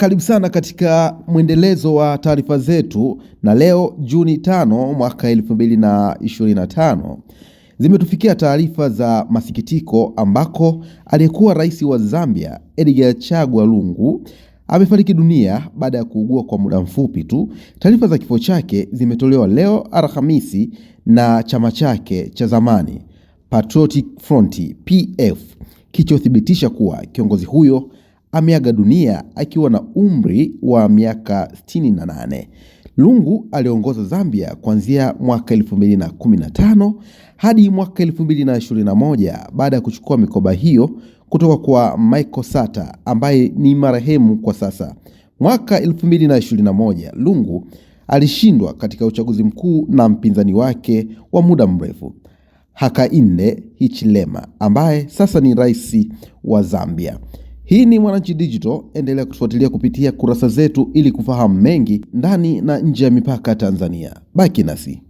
Karibu sana katika mwendelezo wa taarifa zetu, na leo Juni t5 mwaka 2025 zimetufikia taarifa za masikitiko ambako aliyekuwa rais wa Zambia Edgar Chagwa Lungu amefariki dunia baada ya kuugua kwa muda mfupi tu. Taarifa za kifo chake zimetolewa leo Alhamisi na chama chake cha zamani Patriotic Front PF kilichothibitisha kuwa kiongozi huyo ameaga dunia akiwa na umri wa miaka 68. Lungu aliongoza Zambia kuanzia mwaka 2015 hadi mwaka 2021 baada ya kuchukua mikoba hiyo kutoka kwa Michael Sata ambaye ni marehemu kwa sasa. Mwaka 2021 Lungu alishindwa katika uchaguzi mkuu na mpinzani wake wa muda mrefu Hakainde Hichilema ambaye sasa ni rais wa Zambia. Hii ni Mwananchi Digital, endelea kutufuatilia kupitia kurasa zetu ili kufahamu mengi ndani na nje ya mipaka Tanzania. Baki nasi.